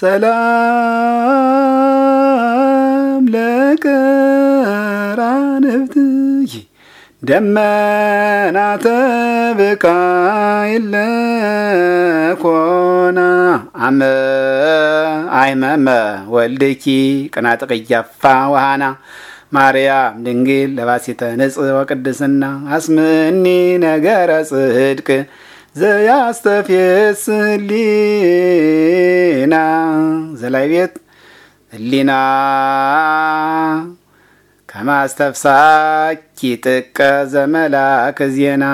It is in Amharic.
ሰላም ለቀራንብትኪ ደመናተ ብካይለ ኮና አመ አይመመ ወልድኪ ቅናጥቅ እያፋ ወሃና ማርያም ድንግል ለባሴተ ንጽህ ወቅድስና አስምኒ ነገረ ጽድቅ ዘያስተፌስሊና ዘላይ ቤት ህሊና ከማስተፍሳኪ ጥቀ ዘመላክ ዜና